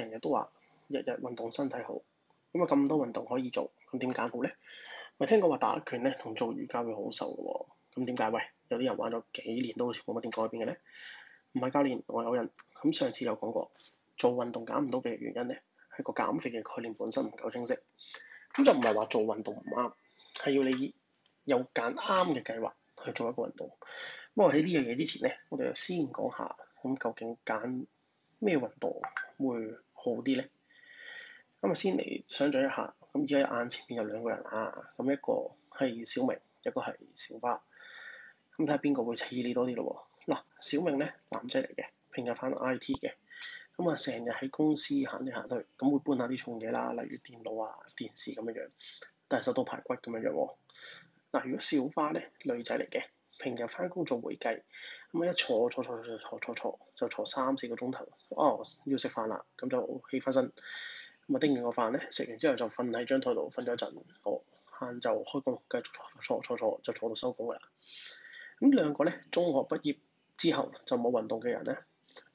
成日都話日日運動身體好，咁啊咁多運動可以做，咁點揀好咧？咪聽講話打拳咧同做瑜伽會好瘦咯。咁點解？喂，有啲人玩咗幾年都冇乜點改變嘅咧？唔係教練，我有人咁上次有講過，做運動減唔到肥嘅原因咧，係個減肥嘅概念本身唔夠清晰。咁就唔係話做運動唔啱，係要你以有揀啱嘅計劃去做一個運動。不過喺呢樣嘢之前咧，我哋就先講下咁究竟揀咩運動會好啲咧，咁啊先嚟想象一下，咁而家眼前邊有兩個人啊，咁一個係小明，一個係小花，咁睇下邊個會似你多啲咯。嗱，小明咧，男仔嚟嘅，平日翻到 IT 嘅，咁啊成日喺公司行嚟行去，咁會搬下啲重嘢啦，例如電腦啊、電視咁樣樣，但係瘦到排骨咁樣樣喎。嗱，如果小花咧，女仔嚟嘅。平日翻工做會計，咁啊一坐坐坐坐坐坐坐就坐三四個鐘頭。啊，我要食飯啦，咁就起翻身，咁啊叮完個飯咧，食完之後就瞓喺張台度瞓咗一陣。我晏晝就開工繼續坐坐坐坐，就坐到收工噶啦。咁兩個咧，中學畢業之後就冇運動嘅人咧，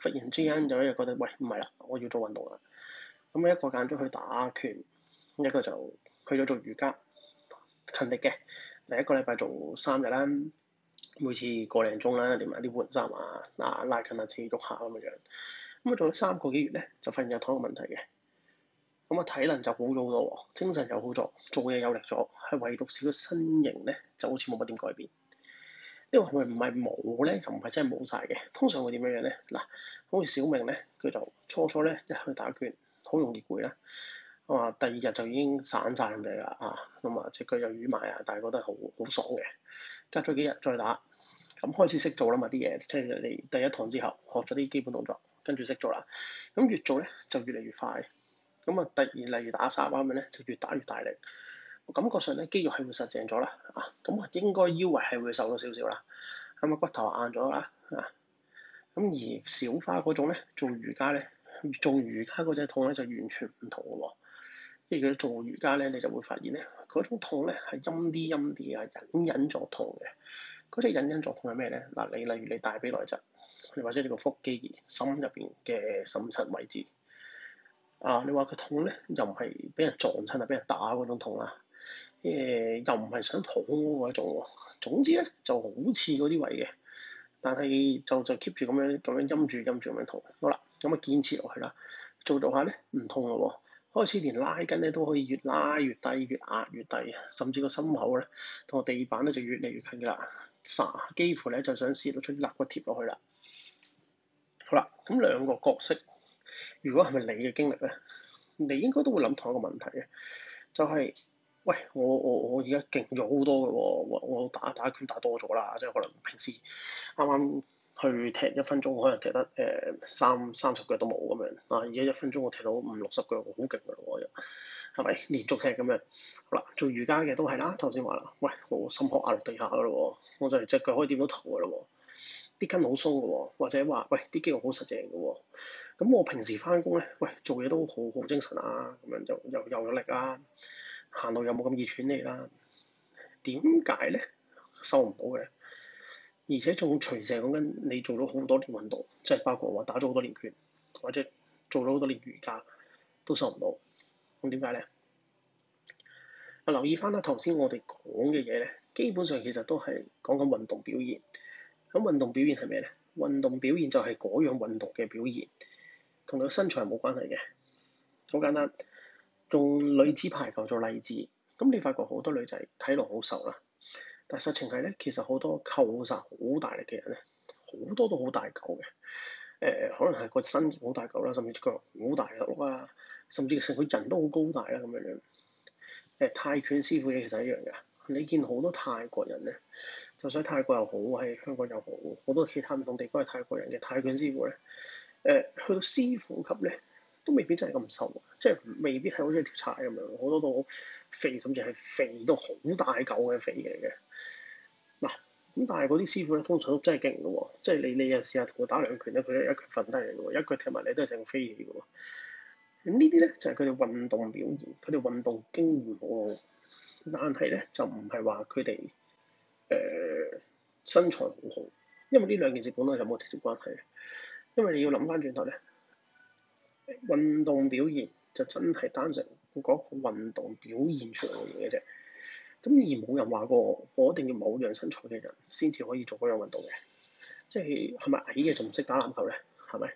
忽然之間有一日覺得喂，唔係啦，我要做運動啦。咁一個揀咗去打拳，一個就去咗做瑜伽，勤力嘅，第一個禮拜做三日啦。每次個零鐘啦，點啊啲換衫啊，嗱拉近，拉近一下次喐下咁樣樣。咁啊做咗三個幾月咧，就發現有同一個嘅問題嘅。咁啊體能就好咗好多，精神又好咗，做嘢有力咗，係唯獨是個身形咧，就好似冇乜點改變。因為呢個係咪唔係冇咧？又唔係真係冇晒嘅。通常會點樣樣咧？嗱，好似小明咧，佢就初初咧一去打拳，好容易攰啦。我話第二日就已經散曬咁樣啦啊！咁啊隻腳有淤埋啊，但係覺得好好爽嘅。隔咗幾日再打，咁開始識做啦嘛啲嘢，聽你哋第一堂之後學咗啲基本動作，跟住識做啦。咁越做咧就越嚟越快，咁啊突然例如打沙包咪咧就越打越大力。感覺上咧肌肉係會實淨咗啦，啊咁啊應該腰圍係會瘦咗少少啦，咁啊骨頭硬咗啦啊。咁而小花嗰種咧做瑜伽咧，做瑜伽嗰隻痛咧就完全唔同喎。即係佢做瑜伽咧，你就會發現咧，嗰種痛咧係陰啲陰啲啊，隱隱作痛嘅。嗰隻隱隱作痛係咩咧？嗱，你例如你大髀內側，你或者你個腹肌，心入邊嘅深層位置啊，你話佢痛咧，又唔係俾人撞親啊，俾人打嗰種痛啊。誒，又唔係想痛嗰種喎。總之咧，就好似嗰啲位嘅，但係就就 keep 住咁樣咁樣陰住陰住咁樣痛。好啦，咁啊堅持落去啦，做做下咧唔痛咯喎。開始連拉筋咧都可以越拉越低，越壓越低啊！甚至個心口咧同個地板咧就越嚟越近㗎啦，差、啊、幾乎咧就想試到出啲肋骨貼落去啦。好啦，咁兩個角色，如果係咪你嘅經歷咧，你應該都會諗同一個問題嘅，就係、係、喂我我我而家勁咗好多嘅喎，我我，我，我，我打打拳打多咗啦，即係可能平時啱啱。去踢一分鐘，可能踢得誒三三十腳都冇咁樣，啊而家一分鐘我踢到五六十腳，好勁㗎咯喎，係咪連續踢咁樣？嗱，做瑜伽嘅都係啦，頭先話啦，喂，我心口壓落地下㗎咯喎，我就係、是、隻腳可以掂到頭㗎咯喎，啲筋好鬆㗎喎，或者話喂啲肌肉好實淨㗎喎，咁我平時返工咧，喂做嘢都好好精神啊，咁樣就又又有力啊，行路又冇咁易喘氣啦、啊，點解咧收唔到嘅？而且仲隨時講緊你做咗好多年運動，即係包括話打咗好多年拳，或者做咗好多年瑜伽，都瘦唔到。咁點解咧？啊，留意翻啦，頭先我哋講嘅嘢咧，基本上其實都係講緊運動表現。咁運動表現係咩咧？運動表現就係嗰樣運動嘅表現，同你個身材冇關係嘅。好簡單，用女子排球做例子，咁你發覺好多女仔睇落好瘦啦。但係實情係咧，其實好多扣殺好大力嘅人咧，好多都好大嚿嘅。誒、呃，可能係個身好大嚿啦，甚至腳好大碌啊，甚至成個人都好高大啦咁樣樣。誒、呃，泰拳師傅嘅其實一樣㗎。你見好多泰國人咧，就算泰國又好，喺香港又好，好多其他唔同地方嘅泰國人嘅泰拳師傅咧，誒、呃，去到師傅級咧，都未必真係咁瘦，即係未必係好似條柴咁樣，好多都好肥，甚至係肥到好大嚿嘅肥嚟嘅。咁但係嗰啲師傅咧，通常都真係勁嘅喎，即係你你又試下同佢打兩拳咧，佢一拳瞓低嚟嘅，一腳踢埋你都係成個飛起嘅喎。咁呢啲咧就係佢哋運動表現，佢哋運動經驗好好。但係咧就唔係話佢哋誒身材好好，因為呢兩件事本來就冇直接關係。因為你要諗翻轉頭咧，運動表現就真係單純嗰個運動表現出嚟嘅嘢啫。咁而冇人話過我，我一定要某樣身材嘅人先至可以做嗰樣運動嘅，即係係咪矮嘅就唔識打籃球咧？係咪？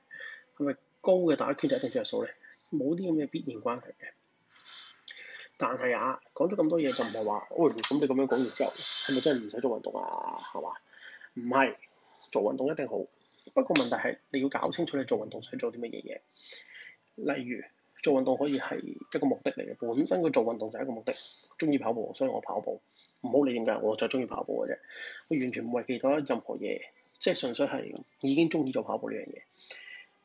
係咪高嘅打一圈就一定着數咧？冇啲咁嘅必然關係嘅。但係啊，講咗咁多嘢就唔係話，喂，咁你咁樣講完之後，係咪真係唔使做運動啊？係嘛？唔係，做運動一定好。不過問題係你要搞清楚你做運動想做啲乜嘢嘢。例如。做運動可以係一個目的嚟嘅，本身佢做運動就係一個目的。中意跑步，所以我跑步，唔好理點解，我就中意跑步嘅啫。我完全唔係其他任何嘢，即係純粹係已經中意做跑步呢樣嘢。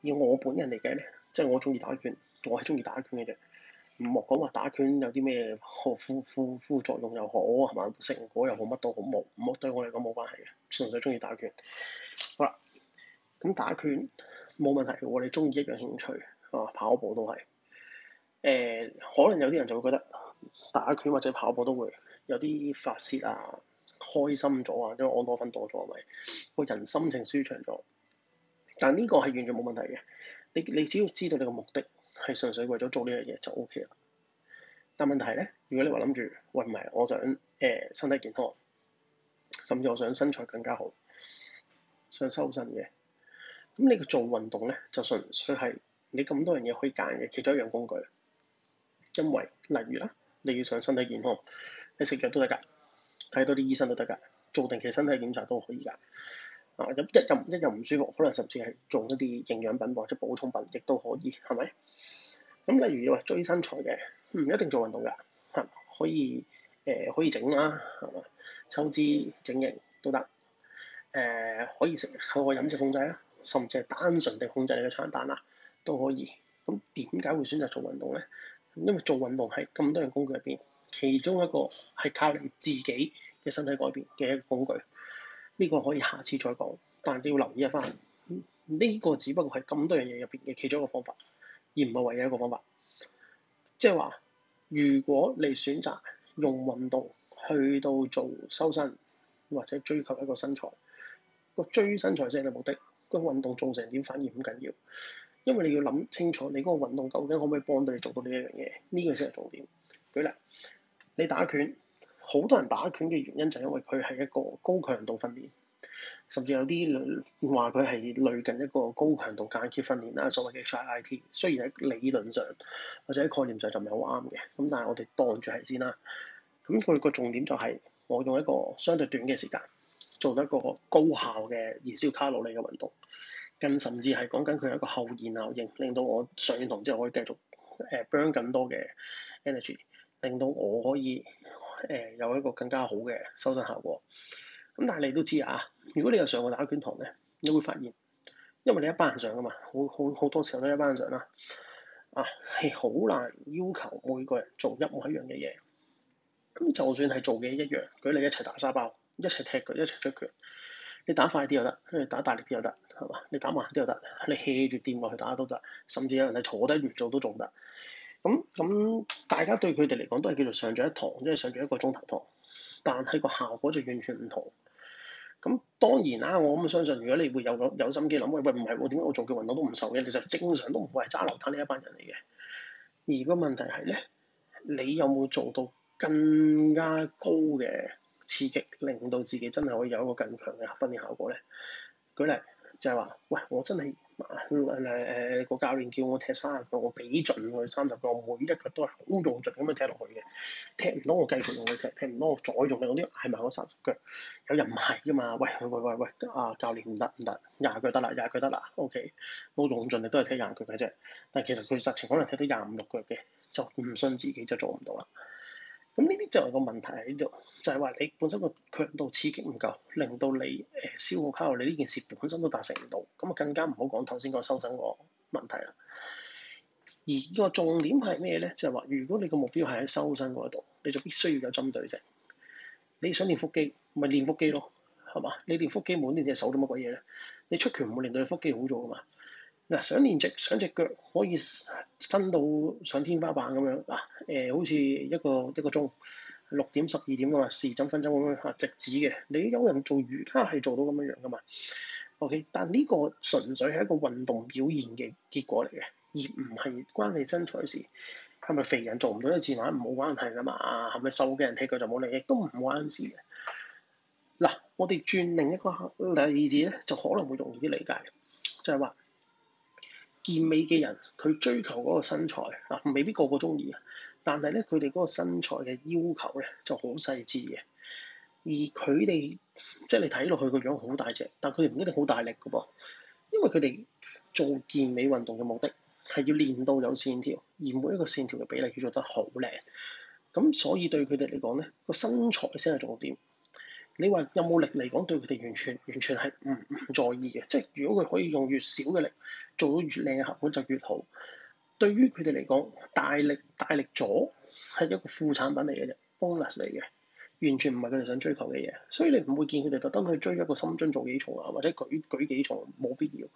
以我本人嚟計咧，即係我中意打拳，我係中意打拳嘅啫。唔莫講話打拳有啲咩副副副作用又好啊，係嘛？成果又好乜都好冇，唔好對我嚟講冇關係嘅，純粹中意打拳。好啦，咁打拳冇問題，我哋你中意一樣興趣，啊跑步都係。誒、呃、可能有啲人就會覺得打拳或者跑步都會有啲發泄啊，開心咗啊，因為胺多酚多咗係咪個人心情舒暢咗？但呢個係完全冇問題嘅。你你只要知道你個目的係純粹為咗做呢樣嘢就 O K 啦。但問題係咧，如果你話諗住喂唔係，呃、我想誒、呃、身體健康，甚至我想身材更加好，想修身嘅，咁你個做運動咧就純粹係你咁多樣嘢可以揀嘅其中一樣工具。因為，例如啦，你要想身體健康，你食藥都得㗎，睇多啲醫生都得㗎，做定期身體檢查都可以㗎。啊，一一又一又唔舒服，可能甚至係做一啲營養品或者補充品，亦都可以，係咪？咁、啊、例如話追身材嘅，唔、嗯、一定做運動㗎、嗯，可以誒、呃、可以整啦、啊，係嘛？抽脂整形都得，誒可以食透過飲食控制啦、啊，甚至係單純地控制你嘅餐單啦、啊，都可以。咁點解會選擇做運動咧？因為做運動係咁多樣工具入邊，其中一個係靠你自己嘅身體改變嘅一個工具。呢個可以下次再講，但要留意一翻。呢個只不過係咁多樣嘢入邊嘅其中一個方法，而唔係唯一一個方法。即係話，如果你選擇用運動去到做修身，或者追求一個身材，個追身材先係目的，個運動做成點反而唔緊要。因為你要諗清楚你嗰個運動究竟可唔可以幫到你做到呢一樣嘢，呢個先係重點。舉例，你打拳，好多人打拳嘅原因就係因為佢係一個高強度訓練，甚至有啲話佢係類近一個高強度間歇訓練啦，所謂嘅 HIIT。雖然喺理論上或者喺概念上就唔係好啱嘅，咁但係我哋當住係先啦。咁佢個重點就係我用一個相對短嘅時間，做一個高效嘅燃燒卡路里嘅運動。更甚至係講緊佢係一個後綴效應，令到我上完堂之後可以繼續誒 burn 更多嘅 energy，令到我可以誒有一個更加好嘅收身效果。咁但係你都知啊，如果你有上過打拳堂咧，你會發現，因為你一班人上噶嘛，好好好多時候都一班人上啦，啊係好難要求每個人做一模一樣嘅嘢。咁就算係做嘅一樣，舉例一齊打沙包，一齊踢腳，一齊出拳。你打快啲又得，跟住打大力啲又得，係嘛？你打慢啲又得，你 hea 住掂落去打都得，甚至有人係坐低唔做都做唔得。咁咁，大家對佢哋嚟講都係叫做上咗一堂，即係上咗一個鐘頭堂，但係個效果就完全唔同。咁當然啦，我咁相信，如果你會有有心機諗喂，喂唔係我點解我做嘅運動都唔受嘅，其實正常都唔會係揸流攤呢一班人嚟嘅。而個問題係咧，你有冇做到更加高嘅刺激令到自己真係可以有一個更強嘅訓練效果咧。舉例就係、是、話，喂，我真係誒誒個教練叫我踢三十腳，我俾盡我三十腳，我每一腳都係好用盡咁樣踢落去嘅。踢唔到我繼續用嚟踢，踢唔到我再用嚟，有啲捱埋我三十腳。有人唔係㗎嘛？喂喂喂喂，啊、呃、教練唔得唔得，廿腳得啦，廿腳得啦，OK。我用盡力都係踢廿腳嘅啫，但係其實佢實情可能踢到廿五六腳嘅，就唔信自己就做唔到啦。咁呢啲就係個問題喺度，就係話你本身個強度刺激唔夠，令到你誒消耗卡路里呢件事本身都達成唔到，咁啊更加唔好講頭先個修身個問題啦。而個重點係咩咧？就係話，如果你個目標係喺修身嗰度，你就必須要有針對性。你想練腹肌，咪練腹肌咯，係嘛？你練腹肌冇呢隻手做乜鬼嘢咧，你出拳唔會令到你腹肌好咗噶嘛。嗱，想練直想隻腳可以伸到上天花板咁樣嗱，誒、啊欸、好似一個一個鐘六點十二點噶嘛，時針分針咁樣嚇直指嘅。你有人做瑜伽係做到咁樣樣噶嘛？O、okay? K，但呢個純粹係一個運動表現嘅結果嚟嘅，而唔係關你身材事。係咪肥人做唔到一字馬唔冇關係噶嘛？是是係咪瘦嘅人踢腳就冇利益都唔關事嘅。嗱、啊，我哋轉另一個例子咧，就可能會容易啲理解，就係、是、話。健美嘅人，佢追求嗰個身材嗱、啊，未必個個中意，但係咧佢哋嗰個身材嘅要求咧就好細緻嘅。而佢哋即係你睇落去個樣好大隻，但佢哋唔一定好大力㗎噃，因為佢哋做健美運動嘅目的係要練到有線條，而每一個線條嘅比例要做得好靚。咁所以對佢哋嚟講咧，個身材先係重點。你話有冇力嚟講對佢哋完全完全係唔唔在意嘅，即係如果佢可以用越少嘅力做到越靚嘅效果就越好。對於佢哋嚟講，大力大力咗係一個副產品嚟嘅啫，bonus 嚟嘅，完全唔係佢哋想追求嘅嘢。所以你唔會見佢哋特登去追一個深蹲做幾重啊，或者舉舉幾重啊，冇必要。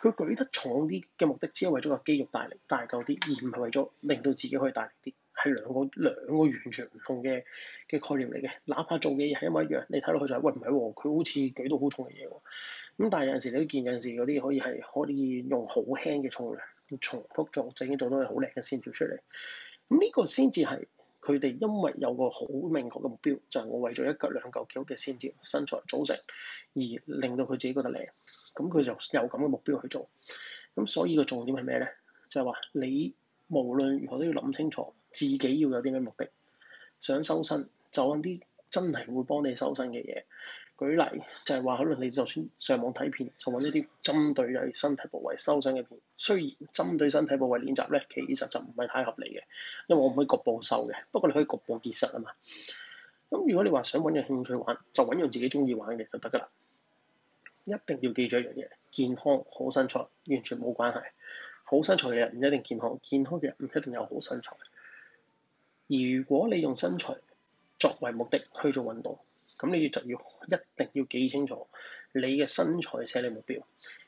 佢舉得重啲嘅目的，只係為咗個肌肉大力大夠啲，而唔係為咗令到自己可以大力啲。係兩個兩個完全唔同嘅嘅概念嚟嘅，哪怕做嘅嘢係一模一樣，你睇落去就係、是、喂唔係喎，佢、哦、好似舉到好重嘅嘢喎。咁但係有陣時你都見有陣時嗰啲可以係可以用好輕嘅重量，重複做，就已經做到好靚嘅線條出嚟。咁、嗯、呢、呢個先至係佢哋因為有個好明確嘅目標，就係、是、我為咗一嚿兩嚿幾嘅線條身材組成而令到佢自己覺得靚。咁、嗯、佢就有咁嘅目標去做。咁、嗯、所以個重點係咩咧？就係、是、話你。無論如何都要諗清楚，自己要有啲咩目的，想修身就揾啲真係會幫你修身嘅嘢。舉例就係話，可能你就算上網睇片，就揾一啲針對係身體部位修身嘅片，雖然針對身體部位練習咧，其實就唔係太合理嘅，因為我唔可以局部瘦嘅，不過你可以局部結實啊嘛。咁如果你話想揾嘢興趣玩，就揾樣自己中意玩嘅就得㗎啦。一定要記住一樣嘢，健康好身材完全冇關係。好身材嘅人唔一定健康，健康嘅人唔一定有好身材。如果你用身材作為目的去做運動，咁你就要一定要記清楚你嘅身材寫你目標。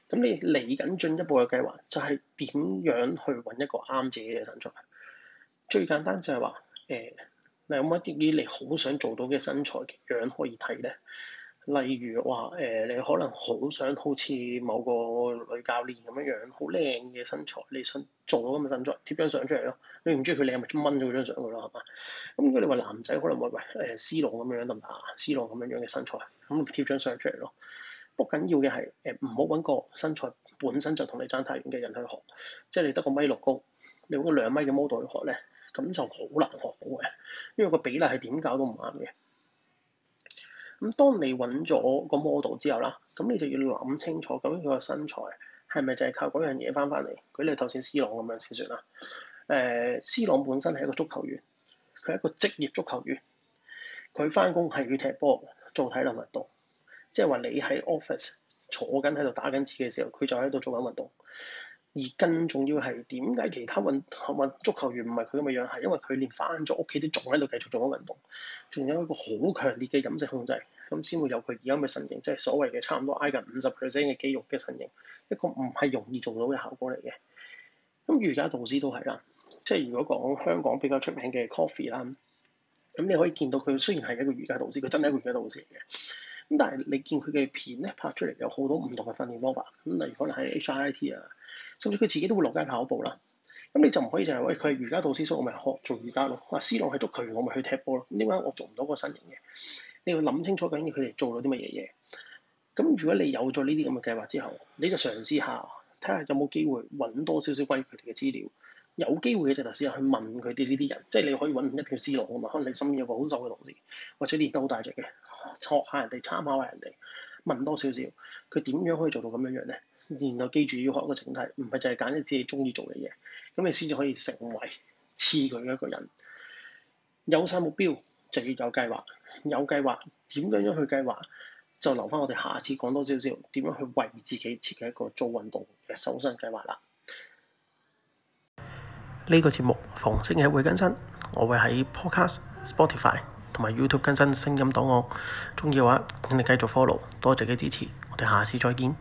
咁你嚟緊進一步嘅計劃就係點樣去揾一個啱自己嘅身材？最簡單就係話誒，呃、你有冇一啲你好想做到嘅身材嘅樣可以睇咧？例如話誒、呃，你可能好想好似某個女教練咁樣樣，好靚嘅身材，你想做到咁嘅身材，貼張相出嚟咯。你唔中意佢靚，咪掹咗佢張相佢咯，係嘛？咁、嗯、如果你話男仔可能話喂誒 C 朗咁樣得唔得啊？C 朗咁樣樣嘅身材，咁貼張相出嚟咯、呃。不過緊要嘅係誒，唔好揾個身材本身就同你爭太遠嘅人去學，即係你得個米六高，你揾個兩米嘅 model 去學咧，咁就好難學到嘅，因為個比例係點搞都唔啱嘅。咁當你揾咗個 model 之後啦，咁你就要諗清楚，咁佢個身材係咪就係靠嗰樣嘢翻翻嚟？舉例頭先 C 朗咁樣先算啦。誒、呃，C 朗本身係一個足球員，佢係一個職業足球員，佢翻工係要踢波做體能運動，即係話你喺 office 坐緊喺度打緊字嘅時候，佢就喺度做緊運動。而更重要係點解其他運學足球員唔係佢咁嘅樣，係因為佢連返咗屋企都仲喺度繼續做緊運動，仲有一個好強烈嘅飲食控制，咁先會有佢而家嘅身形，即係所謂嘅差唔多挨近五十 percent 嘅肌肉嘅身形，一個唔係容易做到嘅效果嚟嘅。咁瑜伽導師都係啦，即係如果講香港比較出名嘅 coffee 啦，咁你可以見到佢雖然係一個瑜伽導師，佢真係一個瑜伽導師嚟嘅，咁但係你見佢嘅片咧拍出嚟有好多唔同嘅訓練方法，咁例如可能係 HIIT 啊。甚至佢自己都會落街跑步啦，咁你就唔可以就係喂，佢係瑜伽導師叔，我咪學做瑜伽咯。啊，C 朗去捉佢，我咪去踢波咯。點解我做唔到嗰個身形嘅？你要諗清楚究竟佢哋做到啲乜嘢嘢？咁如果你有咗呢啲咁嘅計劃之後，你就嘗試下睇下有冇機會揾多少少關於佢哋嘅資料。有機會嘅就試下去問佢哋呢啲人，即係你可以揾一條 C 朗啊嘛，可能你身邊有個好瘦嘅同事，或者你練得好大隻嘅，學下人哋，參考下人哋，問多少少佢點樣可以做到咁樣樣咧？然後記住要學一個整體，唔係就係揀你自己中意做嘅嘢，咁你先至可以成為次佢嘅一個人。有晒目標就要有計劃，有計劃點樣樣去計劃，就留翻我哋下次講多少少點樣去為自己設計一個做運動嘅瘦身計劃啦。呢個節目逢星期一會更新，我會喺 Podcast、Spotify 同埋 YouTube 更新聲音檔案。中意嘅話，請你繼續 follow，多謝你嘅支持，我哋下次再見。